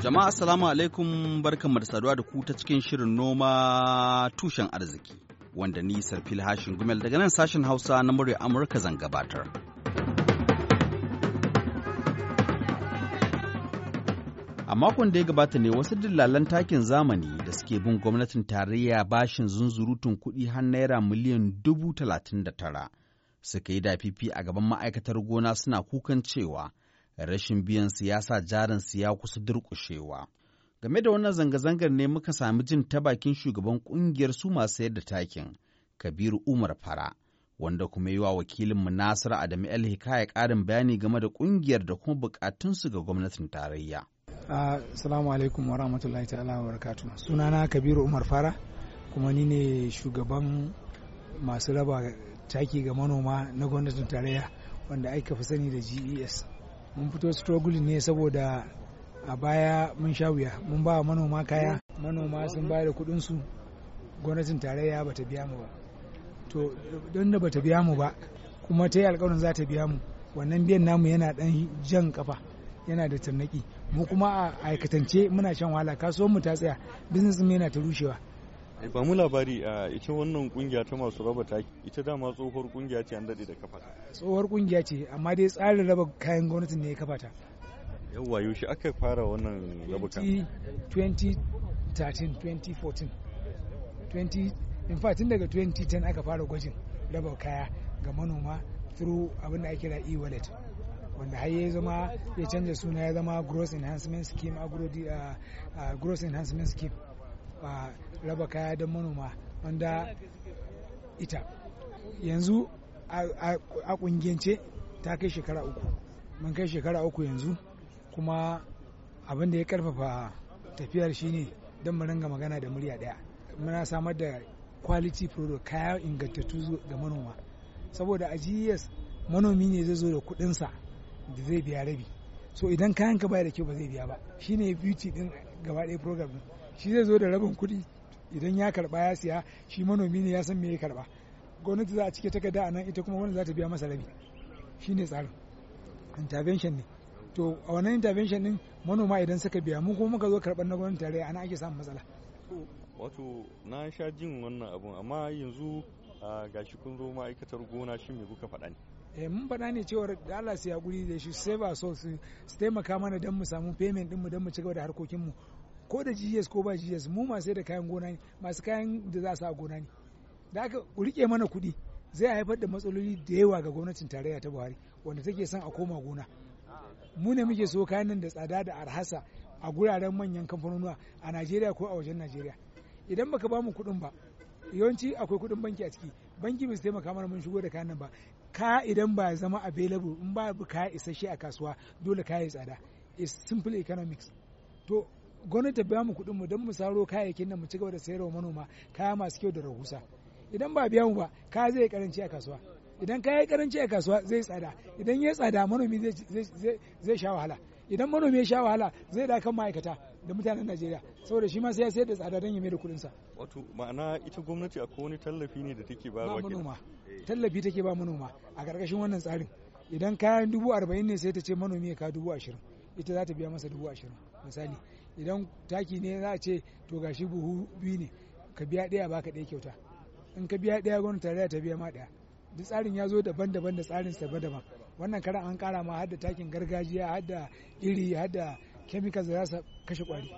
Jama'a assalamu alaikum barkanmu da saduwa da ku ta cikin shirin noma tushen arziki wanda ni Sarfil Hashin Gumel daga nan sashen Hausa na murya Amurka zan gabatar. A makon da ya gabata ne wasu dillalan takin zamani da suke bin gwamnatin tarayya bashin zunzurutun kuɗi har naira miliyan dubu talatin da tara suka yi dafifi a gaban ma'aikatar gona suna kukan cewa rashin biyan siyasa jarin ya kusa durƙushewa. Game da wannan zanga-zangar ne muka sami jin ta bakin shugaban ƙungiyar su masu sayar da takin, Kabiru Umar Fara, wanda kuma yi wa wakilinmu Nasiru Adamu El Hikaya ƙarin bayani game da ƙungiyar da kuma buƙatunsu ga gwamnatin tarayya. Assalamu alaikum wa rahmatullahi ta'ala wa barakatu. Sunana Kabiru Umar Fara, kuma ni ne shugaban masu raba taki ga manoma na gwamnatin tarayya wanda aka fi sani da GES. mun fito struggling ne saboda a baya mun sha wuya mun ba manoma kaya manoma sun ba da kudinsu gwamnatin tarayya ba ta biya mu ba to don da ba ta biya mu ba kuma ta yi alkawarin za ta biya mu wannan biyan namu yana dan jan kafa yana da tarnaki mu kuma a aikatance muna shan wahala kasuwar mu ta tsaya business mu yana ta rushewa Eh, ba mu labari a ita wannan kungiya ta masu raba taki ita dama tsohuwar kungiya ce an daɗe da kafa tsohuwar kungiya ce amma dai tsarin raba kayan gwamnati ne ya kafa ta yawwa yaushe aka fara wannan raba kayan 2013 2014 20 in fact tun daga 2010 aka fara gwajin raba kaya ga manoma through abin da ake kira e-wallet wanda har ya zama ya canza suna ya zama gross enhancement scheme agro gross enhancement scheme a raba kaya don manoma wanda ita yanzu a kungiyance ta kai shekara uku mun kai shekara uku yanzu kuma abin da ya karfafa tafiyar shine don mu ringa magana da murya daya muna samar da quality product kaya ingantattu ga manoma saboda a gs e manomi ne zai zo da kudinsa da zai biya rabi so idan kayan ka baya da kyau ba zai biya ba shine beauty din gaba ɗaya program shi zai zo da rabin kuɗi idan ya karba ya siya shi manomi ne ya san me ya karba gwamnati za a cike takarda a nan ita kuma wani za ta biya masa rabi shi ne tsarin intervention ne to a wannan intervention din manoma idan suka biya mu kuma muka zo karɓar na gwamnati tarayya ana ake samun matsala wato na sha jin wannan abun amma yanzu gashi kun zo ma'aikatar gona shi me kuka faɗa ne eh mun faɗa ne cewar da Allah su guri da shi save our souls su taimaka mana don mu samu payment din mu don mu ci gaba da harkokinmu ko da GS ko ba GS mu masu sai da kayan gona ne masu kayan da za su a gona ne da aka rike mana kuɗi zai haifar da matsaloli da yawa ga gwamnatin tarayya ta Buhari wanda take son a koma gona mu ne muke so kayan nan da tsada da arhasa a guraren manyan kamfanonuwa a Najeriya ko a wajen Najeriya idan baka ba mu kuɗin ba yawanci akwai kuɗin banki a ciki banki bai taimaka mana mun shigo da kayan nan ba ka idan ba zama available in ba kaya isasshe a kasuwa dole ka yi tsada is simple economics to gwamnati biya mu kuɗin mu don mu saro kayayyakin nan mu ci gaba da wa manoma kaya masu kyau da rahusa idan ba biya mu ba kaya zai karanci a kasuwa idan kaya karanci a kasuwa zai tsada idan ya tsada manomi zai sha wahala idan manomi ya sha wahala zai da kan ma'aikata da mutanen Najeriya saboda shi ma sai ya sayar da tsada don ya mai da kuɗinsa. Wato ma'ana ita gwamnati a wani tallafi ne da take ba manoma tallafi take ba manoma a ƙarƙashin wannan tsarin idan kayan dubu arba'in ne sai ta ce manomi ya ka dubu ashirin ita za ta biya masa dubu ashirin misali idan taki ne za a ce to gashi buhu biyu ne ka biya ɗaya baka ɗaya kyauta in ka biya ɗaya gwamnati da ta biya ma ɗaya duk tsarin ya zo daban-daban da tsarin sa daban wannan karan an kara ma hadda takin gargajiya hadda iri hadda kemikal da za su kashe kwari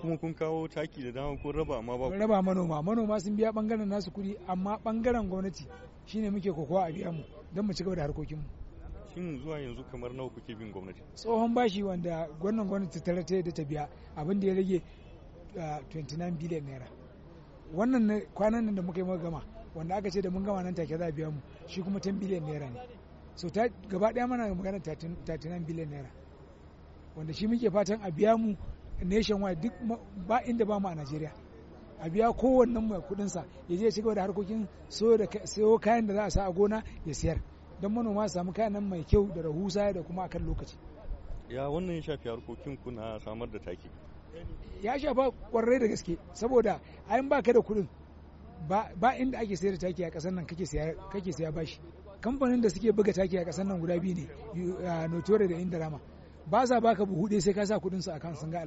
kuma kun kawo taki da dama ko raba amma ba raba manoma manoma sun biya bangaren nasu kuɗi amma bangaren gwamnati shine muke kokowa a biya mu don mu ci gaba da harkokin mu tun zuwa yanzu kamar nawa kuke bin gwamnati tsohon bashi wanda gwamnan gwamnati ta rata da ta biya abin da ya rage 29 ah, biliyan naira wannan kwanan nan da muka yi gama wanda aka ce da mun gama nan take za a biya mu shi kuma 10 biliyan naira ne so ta gaba daya mana magana 39 biliyan naira wanda shi muke fatan a biya mu nationwide duk ba inda ba mu a Najeriya a biya kowannen mai kudinsa ya je ya ci gaba da harkokin sayo kayan da za a sa a gona ya siyar don manoma su samu kayan mai kyau da rahusa da kuma akan lokaci ya wannan ya shafi harkokin ku na samar da taki ya shafa kwarai da gaske saboda ayin baka da kuɗin ba inda ake sayar da taki a ƙasar nan kake saya bashi kamfanin da suke buga taki a kasar nan guda biyu ne notore da indarama ba sa baka buhu ɗaya sai ka sa kuɗin su a kan sun ga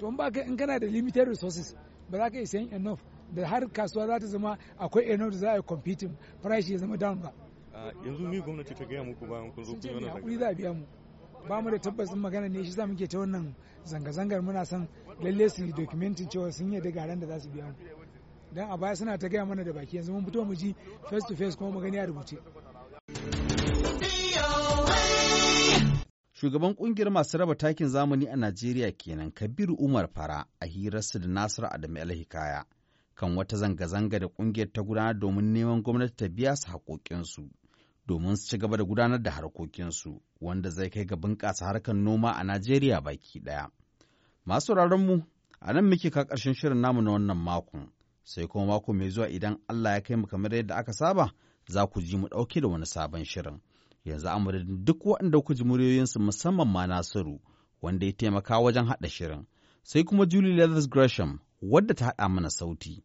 to in baka in kana da limited resources ba za ka iya sayan enough da har kasuwa za ta zama akwai enough da za a yi competing farashi ya zama down ba yanzu mi gwamnati ta gaya muku bayan kun zo kun yi hakuri za a biya mu ba mu da tabbacin magana ne shi za mu ke ta wannan zanga-zangar muna son lalle su yi dokumentin cewa sun yi da garan da za su biya mu dan a baya suna ta gaya mana da baki yanzu mun fito mu ji face to face kuma mu gani rubuce Shugaban kungiyar masu raba takin zamani a Najeriya kenan Kabiru Umar Fara a hirarsa da Nasiru Adamu Alhikaya. kan wata zanga-zanga da ƙungiyar ta gudanar domin neman gwamnati ta biya su haƙoƙinsu domin su ci gaba da gudanar da harkokinsu wanda zai kai ga bunƙasa harkar noma a Najeriya baki ɗaya. Masu mu a nan muke ka ƙarshen shirin namu na wannan makon sai kuma mako mai zuwa idan Allah ya kai mu kamar yadda aka saba za ku ji mu ɗauke da wani sabon shirin. Yanzu amurin duk waɗanda ku ji muryoyinsu musamman ma Nasiru wanda ya taimaka wajen haɗa shirin. Sai kuma Julie Leathers Gresham wadda ta haɗa mana sauti.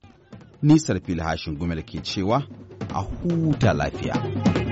Nisar filhashin hashin gumel ke cewa a huta lafiya.